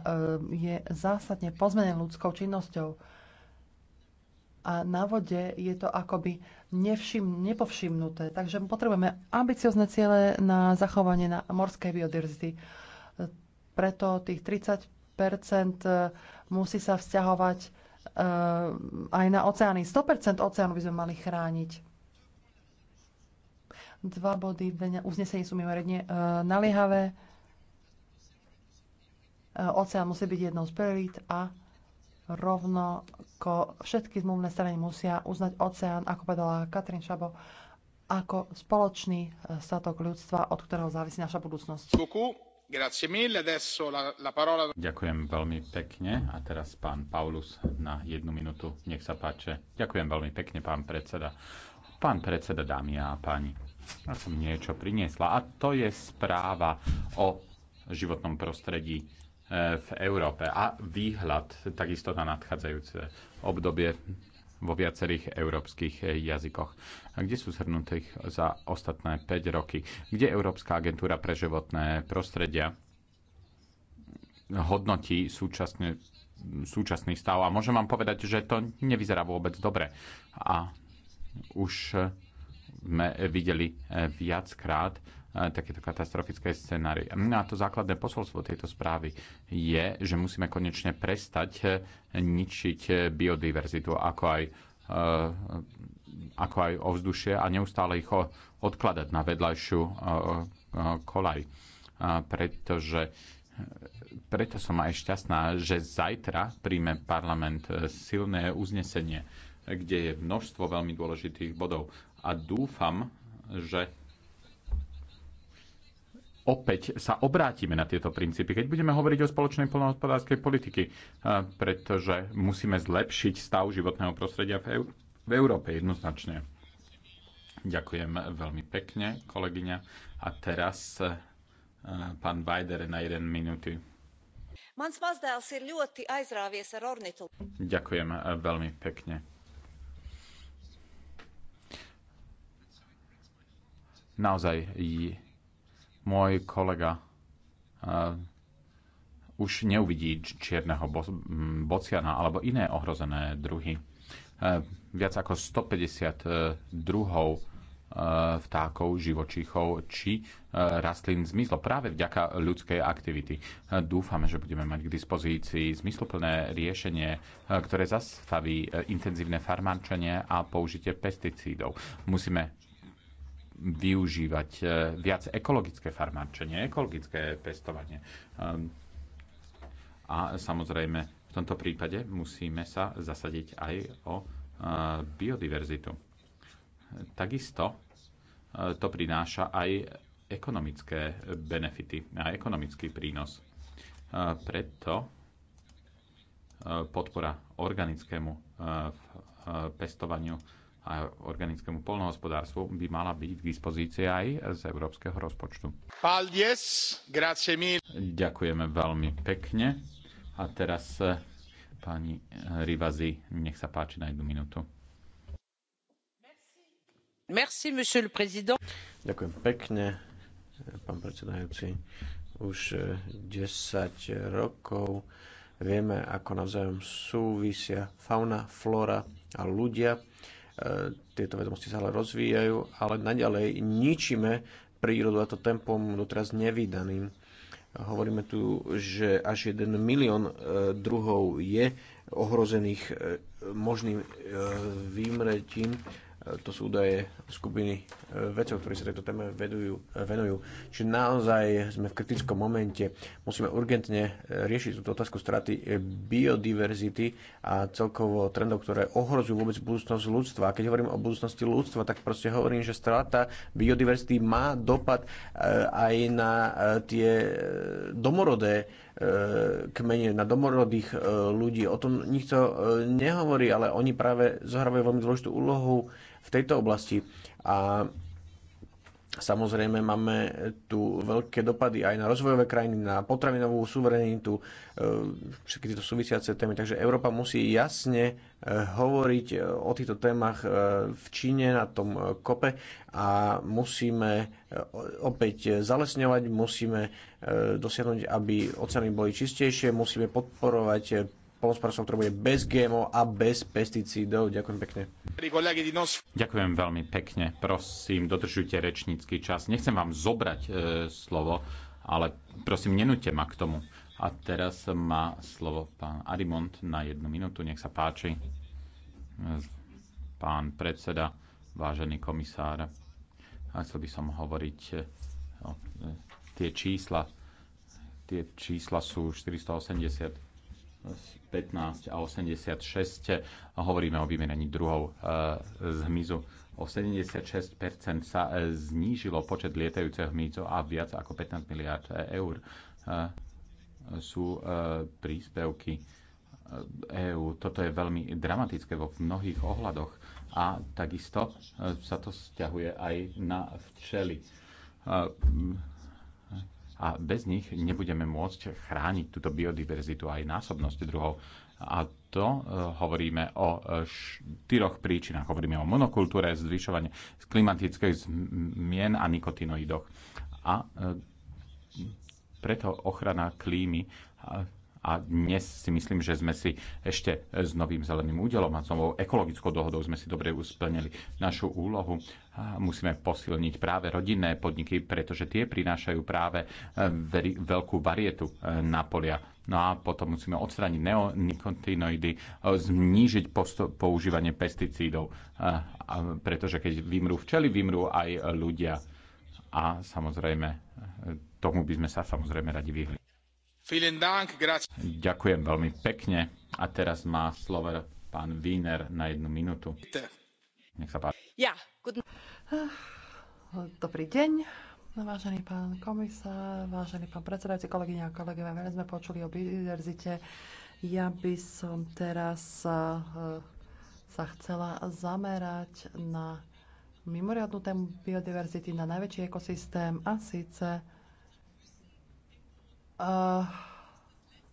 je zásadne pozmenené ľudskou činnosťou. A na vode je to akoby nevšim, nepovšimnuté. Takže potrebujeme ambiciozne ciele na zachovanie na morskej biodiverzity. E, preto tých 30 e, musí sa vzťahovať aj na oceány. 100 oceánu by sme mali chrániť dva body v uznesení sú mimoriadne naliehavé. Eh, oceán musí byť jednou z priorít a rovnako všetky zmluvné strany musia uznať oceán, ako povedala Katrin Šabo, ako spoločný eh, statok ľudstva, od ktorého závisí naša budúcnosť. Ďakujem veľmi pekne. A teraz pán Paulus na jednu minútu. Nech sa páče. Ďakujem veľmi pekne, pán predseda. Pán predseda, dámy a páni, ja som niečo priniesla a to je správa o životnom prostredí v Európe a výhľad takisto na nadchádzajúce obdobie vo viacerých európskych jazykoch, kde sú zhrnutých za ostatné 5 roky, kde Európska agentúra pre životné prostredia hodnotí súčasne, súčasný stav. A môžem vám povedať, že to nevyzerá vôbec dobre. A už sme videli viackrát, E, takéto katastrofické scenári. No a to základné posolstvo tejto správy je, že musíme konečne prestať e, ničiť biodiverzitu, ako aj, e, ako aj ovzdušie a neustále ich odkladať na vedľajšiu kolaj. Pretože preto som aj šťastná, že zajtra príjme parlament silné uznesenie, kde je množstvo veľmi dôležitých bodov. A dúfam, že opäť sa obrátime na tieto princípy, keď budeme hovoriť o spoločnej polnohospodárskej politiky, eh, pretože musíme zlepšiť stav životného prostredia v, Eur- v Európe jednoznačne. Ďakujem veľmi pekne, kolegyňa. A teraz eh, pán Vajder na jeden minúty. Ďakujem eh, veľmi pekne. Naozaj môj kolega eh, už neuvidí čierneho mm, bociana alebo iné ohrozené druhy. Eh, viac ako 150 eh, druhov vtákov, živočíchov či rastlín zmizlo práve vďaka ľudskej aktivity. Dúfame, že budeme mať k dispozícii zmysluplné riešenie, ktoré zastaví intenzívne farmáčenie a použitie pesticídov. Musíme využívať e, viac ekologické farmárčenie, ekologické pestovanie. Ehm, a samozrejme, v tomto prípade musíme sa zasadiť aj o e, biodiverzitu. Takisto e, to prináša aj ekonomické benefity a ekonomický prínos. Preto podpora organickému pestovaniu a organickému polnohospodárstvu by mala byť k dispozícii aj z európskeho rozpočtu. Paldies, grazie mille. Ďakujeme veľmi pekne. A teraz e, pani Rivazi, nech sa páči na jednu minútu. Merci, monsieur le président. Ďakujem pekne, pán predsedajúci. Už 10 e, rokov vieme, ako navzájom súvisia fauna, flora a ľudia E, tieto vedomosti sa ale rozvíjajú, ale naďalej ničíme prírodu a to tempom doteraz nevydaným. Hovoríme tu, že až 1 milión e, druhov je ohrozených e, možným vymretím to sú údaje skupiny e, vedcov, ktorí sa tejto téme vedujú, e, venujú. Čiže naozaj sme v kritickom momente. Musíme urgentne e, riešiť túto otázku straty biodiverzity a celkovo trendov, ktoré ohrozujú vôbec budúcnosť ľudstva. A keď hovorím o budúcnosti ľudstva, tak proste hovorím, že strata biodiverzity má dopad aj na tie domorodé kmene, na domorodých ľudí. O tom nikto nehovorí, ale oni práve zohrávajú veľmi dôležitú úlohu v tejto oblasti. A Samozrejme máme tu veľké dopady aj na rozvojové krajiny, na potravinovú suverenitu, e, všetky tieto súvisiace témy. Takže Európa musí jasne e, hovoriť e, o týchto témach v Číne na tom kope a musíme opäť zalesňovať, musíme dosiahnuť, aby oceány boli čistejšie, musíme podporovať polnospodárstvom, ktoré bude bez GMO a bez pesticídov. Ďakujem pekne. Ďakujem veľmi pekne. Prosím, dodržujte rečnícky čas. Nechcem vám zobrať e, slovo, ale prosím, nenúte ma k tomu. A teraz má slovo pán Arimont na jednu minútu. Nech sa páči. Pán predseda, vážený komisár, a chcel by som hovoriť e, o e, tie čísla. Tie čísla sú 480 15 a 86 hovoríme o vymenení druhov e, z hmyzu. O 76 sa e, znížilo počet lietajúceho hmyzu a viac ako 15 miliard e, eur sú príspevky EÚ. Toto je veľmi dramatické vo mnohých ohľadoch a takisto sa to stiahuje aj na včely a bez nich nebudeme môcť chrániť túto biodiverzitu aj násobnosť druhov. A to e, hovoríme o e, štyroch príčinách. Hovoríme o monokultúre, zvyšovanie klimatických zmien a nikotinoidoch. A e, preto ochrana klímy a dnes si myslím, že sme si ešte s novým zeleným údelom a s novou ekologickou dohodou sme si dobre usplnili našu úlohu. Musíme posilniť práve rodinné podniky, pretože tie prinášajú práve e, veľkú varietu e, na polia. No a potom musíme odstrániť neonikotinoidy, e, znížiť používanie pesticídov, pretože keď vymrú včely, vymrú aj ľudia. A samozrejme, tomu by sme sa samozrejme radi vyhli. Ďakujem veľmi pekne. A teraz má slovo pán Wiener na jednu minútu. Nech sa páči. Ja, ah, Dobrý deň, vážený pán komisár, vážený pán predsedajúci, kolegyňa a kolegovia, veľa sme počuli o biodiverzite. Ja by som teraz eh, sa chcela zamerať na mimoriadnú tému biodiverzity, na najväčší ekosystém a síce uh,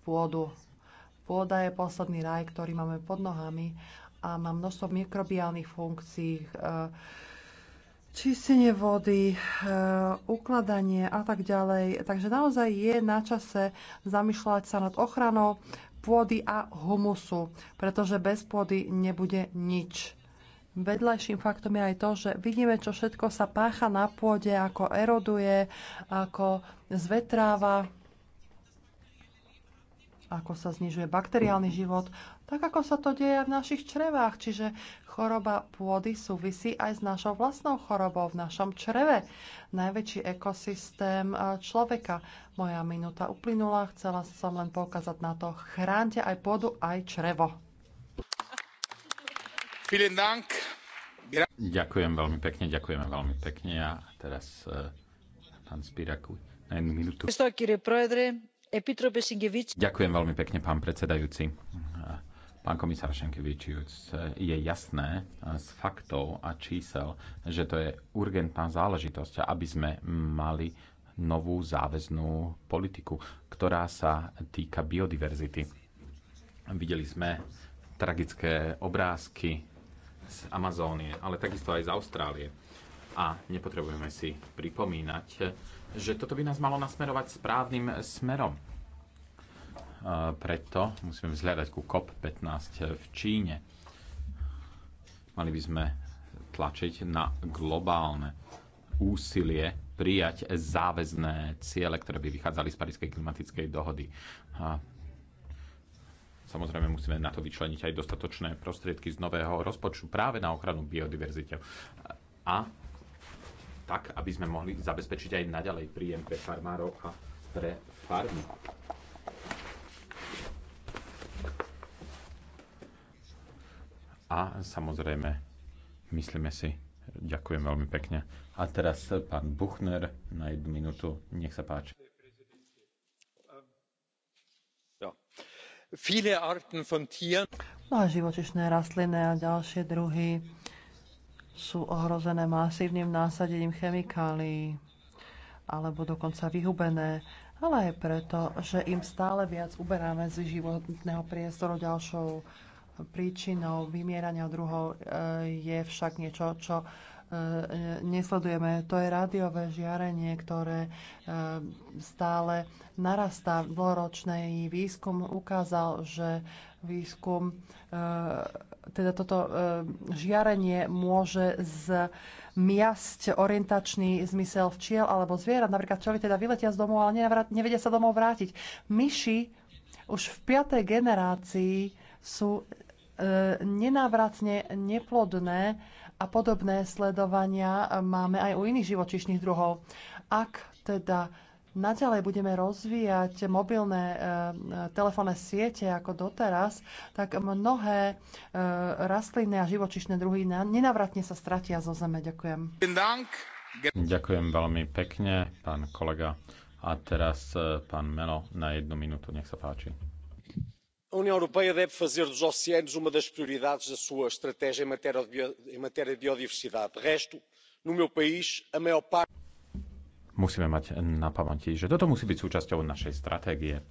pôdu. Pôda je posledný raj, ktorý máme pod nohami a má množstvo mikrobiálnych funkcií, uh, čistenie vody, uh, ukladanie a tak ďalej. Takže naozaj je na čase zamýšľať sa nad ochranou pôdy a humusu, pretože bez pôdy nebude nič. Vedľajším faktom je aj to, že vidíme, čo všetko sa pácha na pôde, ako eroduje, ako zvetráva ako sa znižuje bakteriálny život, tak ako sa to deje v našich črevách. Čiže choroba pôdy súvisí aj s našou vlastnou chorobou v našom čreve. Najväčší ekosystém eh, človeka. Moja minúta uplynula, chcela som len poukázať na to. Chránte aj pôdu, aj črevo. Ďakujem veľmi pekne, ďakujeme veľmi pekne. A teraz eh, pán Spiraku na jednu minútu. Ďakujem veľmi pekne, pán predsedajúci. Pán komisár Šenkevičius, je jasné z faktov a čísel, že to je urgentná záležitosť, aby sme mali novú záväznú politiku, ktorá sa týka biodiverzity. Videli sme tragické obrázky z Amazónie, ale takisto aj z Austrálie a nepotrebujeme si pripomínať, že toto by nás malo nasmerovať správnym smerom. E, preto musíme vzhľadať ku COP15 v Číne. Mali by sme tlačiť na globálne úsilie prijať záväzné ciele, ktoré by vychádzali z Parískej klimatickej dohody. A samozrejme musíme na to vyčleniť aj dostatočné prostriedky z nového rozpočtu práve na ochranu biodiverzite. a tak, aby sme mohli zabezpečiť aj naďalej príjem pre farmárov a pre farmy. A samozrejme, myslíme si, ďakujem veľmi pekne. A teraz pán Buchner na jednu minútu, nech sa páči. Mnohé živočišné rastliny a ďalšie druhy sú ohrozené masívnym násadením chemikálií alebo dokonca vyhubené, ale aj preto, že im stále viac uberáme z životného priestoru ďalšou príčinou vymierania druhov e, je však niečo, čo e, nesledujeme. To je rádiové žiarenie, ktoré e, stále narastá. Dlhoročný výskum ukázal, že výskum. E, teda toto e, žiarenie môže zmiasť orientačný zmysel včiel alebo zvierat. Napríklad včely teda vyletia z domu, ale nevedia sa domov vrátiť. Myši už v piatej generácii sú e, nenávratne neplodné a podobné sledovania máme aj u iných živočíšnych druhov. Ak teda naďalej budeme rozvíjať mobilné e, e, telefónne siete ako doteraz, tak mnohé e, rastlinné a živočišné druhy na, nenavratne sa stratia zo zeme. Ďakujem. Ďakujem veľmi pekne, pán kolega. A teraz e, pán Melo na jednu minútu, nech sa páči. A União Europeia deve fazer dos oceanos uma das prioridades da sua estratégia em matéria de biodiversidade. De resto, no meu país, a maior parte musíme mať na pamäti, že toto musí byť súčasťou našej stratégie.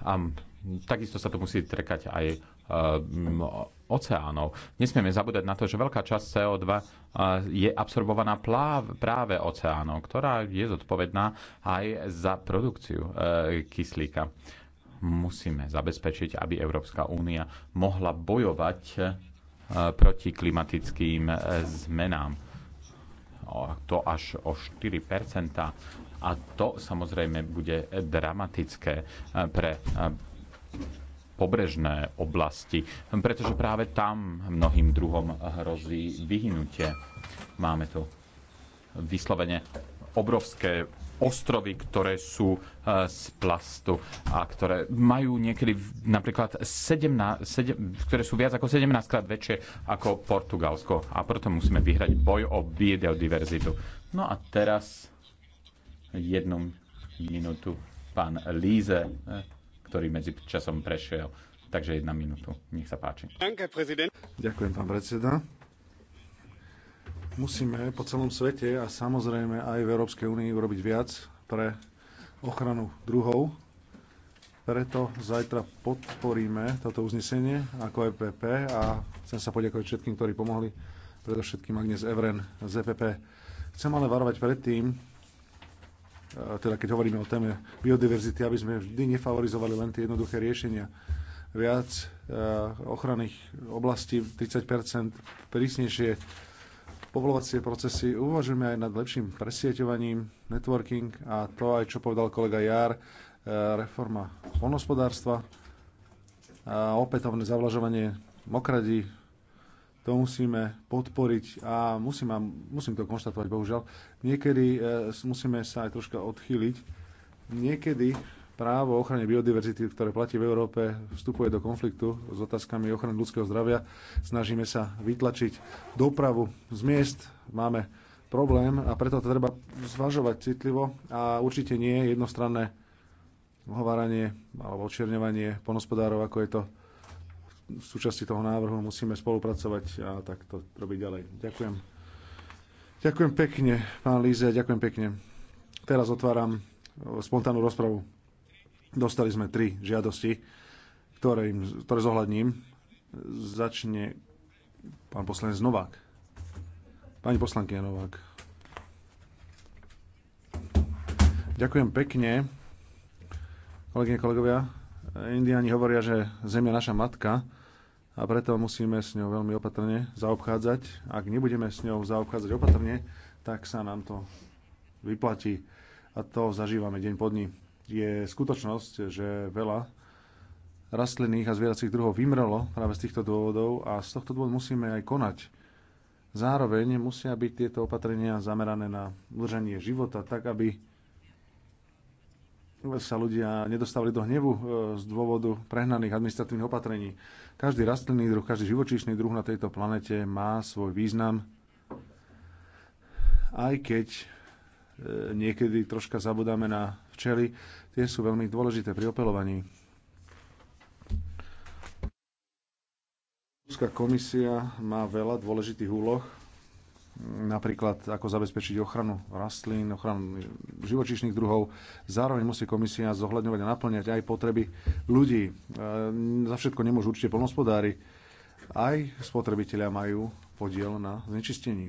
A takisto sa to musí trekať aj um, oceánov. Nesmieme zabúdať na to, že veľká časť CO2 uh, je absorbovaná pláv, práve oceánov, ktorá je zodpovedná aj za produkciu uh, kyslíka. Musíme zabezpečiť, aby Európska únia mohla bojovať proti klimatickým e, zmenám. To až o 4 a to samozrejme bude dramatické e, pre e, pobrežné oblasti, pretože práve tam mnohým druhom hrozí vyhnutie. Máme tu vyslovene obrovské ostrovy, ktoré sú e, z plastu a ktoré majú niekedy napríklad 17, 7, ktoré sú viac ako 17 krát väčšie ako Portugalsko a preto musíme vyhrať boj o biodiverzitu. No a teraz jednu minútu pán Líze, e, ktorý medzi časom prešiel. Takže jedna minútu. Nech sa páči. Ďakujem, pán predseda. Musíme po celom svete a samozrejme aj v Európskej únii urobiť viac pre ochranu druhov. Preto zajtra podporíme toto uznesenie ako EPP a chcem sa poďakovať všetkým, ktorí pomohli, predovšetkým Agnes Evren z EPP. Chcem ale varovať predtým, e, teda keď hovoríme o téme biodiverzity, aby sme vždy nefavorizovali len tie jednoduché riešenia. Viac e, ochranných oblastí, 30 prísnejšie povolovacie procesy. Uvažujeme aj nad lepším presieťovaním, networking a to aj, čo povedal kolega Jar, eh, reforma polnospodárstva a opätovné zavlažovanie mokradí. To musíme podporiť a musím, musím to konštatovať, bohužiaľ. Niekedy eh, musíme sa aj troška odchýliť. Niekedy právo ochrany biodiverzity, ktoré platí v Európe, vstupuje do konfliktu s otázkami ochrany ľudského zdravia. Snažíme sa vytlačiť dopravu z miest. Máme problém a preto to treba zvažovať citlivo a určite nie jednostranné hováranie alebo očierňovanie ponospodárov, ako je to v súčasti toho návrhu. Musíme spolupracovať a tak to robiť ďalej. Ďakujem. Ďakujem pekne, pán Líze, ďakujem pekne. Teraz otváram spontánnu rozpravu. Dostali sme tri žiadosti, ktoré, im, ktoré zohľadním. Začne pán poslanec Novák. Pani poslankyňa Novák. Ďakujem pekne. Kolegyne, kolegovia, Indiáni hovoria, že Zem je naša matka a preto musíme s ňou veľmi opatrne zaobchádzať. Ak nebudeme s ňou zaobchádzať opatrne, tak sa nám to vyplatí a to zažívame deň po dni je skutočnosť, že veľa rastlinných a zvieracích druhov vymrelo práve z týchto dôvodov a z tohto dôvodu musíme aj konať. Zároveň musia byť tieto opatrenia zamerané na udržanie života, tak aby sa ľudia nedostávali do hnevu e, z dôvodu prehnaných administratívnych opatrení. Každý rastlinný druh, každý živočíšny druh na tejto planete má svoj význam, aj keď E, niekedy troška zabudáme na včely. Tie sú veľmi dôležité pri opelovaní. Európska komisia má veľa dôležitých úloh, napríklad ako zabezpečiť ochranu rastlín, ochranu živočíšnych druhov. Zároveň musí komisia zohľadňovať a naplňať aj potreby ľudí. E, za všetko nemôžu určite polnospodári. Aj spotrebitelia majú podiel na znečistení.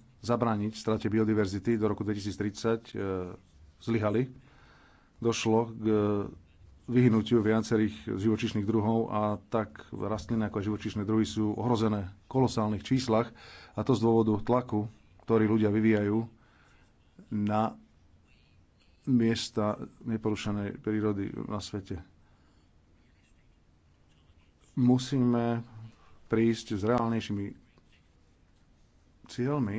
zabrániť strate biodiverzity do roku 2030 e, zlyhali. Došlo k e, vyhnutiu viacerých živočíšnych druhov a tak rastliny ako aj živočíšne druhy sú ohrozené v kolosálnych číslach a to z dôvodu tlaku, ktorý ľudia vyvíjajú na miesta neporušenej prírody na svete. Musíme prísť s reálnejšími cieľmi,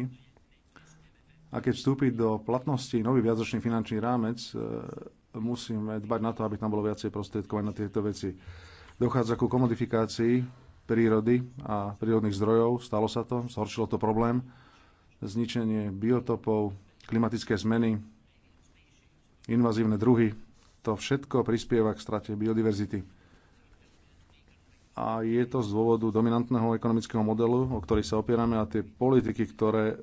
a keď vstúpi do platnosti nový viacročný finančný rámec, e, musíme dbať na to, aby tam bolo viacej prostriedkov aj na tieto veci. Dochádza ku komodifikácii prírody a prírodných zdrojov. Stalo sa to, zhoršilo to problém. Zničenie biotopov, klimatické zmeny, invazívne druhy. To všetko prispieva k strate biodiverzity a je to z dôvodu dominantného ekonomického modelu, o ktorý sa opierame a tie politiky, ktoré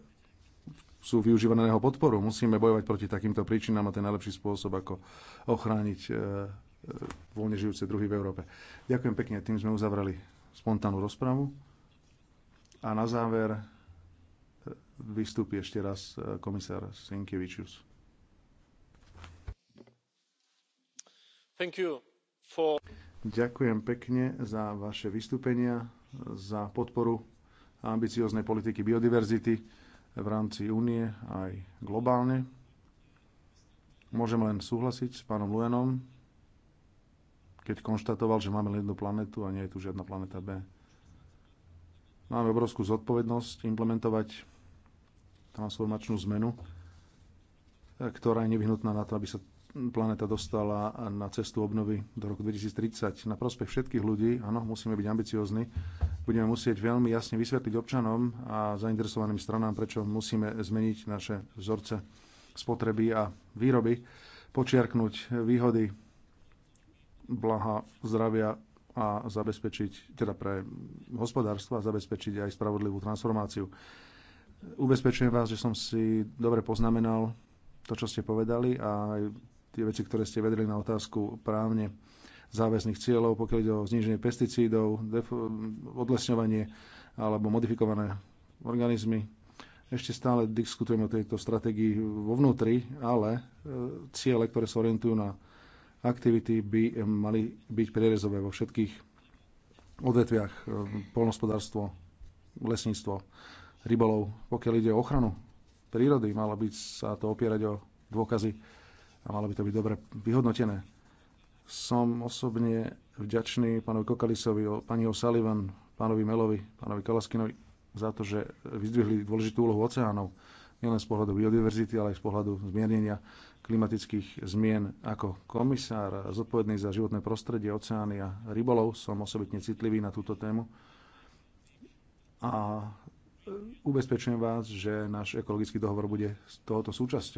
sú využívané na jeho podporu. Musíme bojovať proti takýmto príčinám a ten najlepší spôsob, ako ochrániť e, e, voľne žijúce druhy v Európe. Ďakujem pekne, tým sme uzavrali spontánnu rozpravu. A na záver e, vystúpi ešte raz komisár Sinkevičius. For... Ďakujem pekne za vaše vystúpenia, za podporu ambicioznej politiky biodiverzity v rámci únie aj globálne. Môžem len súhlasiť s pánom Luenom, keď konštatoval, že máme len jednu planetu a nie je tu žiadna planeta B. Máme obrovskú zodpovednosť implementovať transformačnú zmenu, ktorá je nevyhnutná na to, aby sa planéta dostala na cestu obnovy do roku 2030 na prospech všetkých ľudí. Áno, musíme byť ambiciozni, budeme musieť veľmi jasne vysvetliť občanom a zainteresovaným stranám, prečo musíme zmeniť naše vzorce spotreby a výroby, počiarknúť výhody blaha, zdravia a zabezpečiť, teda pre hospodárstvo a zabezpečiť aj spravodlivú transformáciu. Ubezpečujem vás, že som si dobre poznamenal to, čo ste povedali a aj tie veci, ktoré ste vedeli na otázku právne záväzných cieľov, pokiaľ ide o zníženie pesticídov, odlesňovanie alebo modifikované organizmy. Ešte stále diskutujeme o tejto stratégii vo vnútri, ale e, ciele, ktoré sa orientujú na aktivity, by mali byť prierezové vo všetkých odvetviach, e, polnospodárstvo, lesníctvo, rybolov. Pokiaľ ide o ochranu prírody, malo by sa to opierať o dôkazy a malo by to byť dobre vyhodnotené. Som osobne vďačný pánovi Kokalisovi, pani O'Sullivan, pánovi Melovi, pánovi Kalaskinovi za to, že vyzdvihli dôležitú úlohu oceánov, nielen z pohľadu biodiverzity, ale aj z pohľadu zmiernenia klimatických zmien. Ako komisár zodpovedný za životné prostredie, oceány a rybolov som osobitne citlivý na túto tému. A ubezpečujem vás, že náš ekologický dohovor bude z tohoto súčasťou.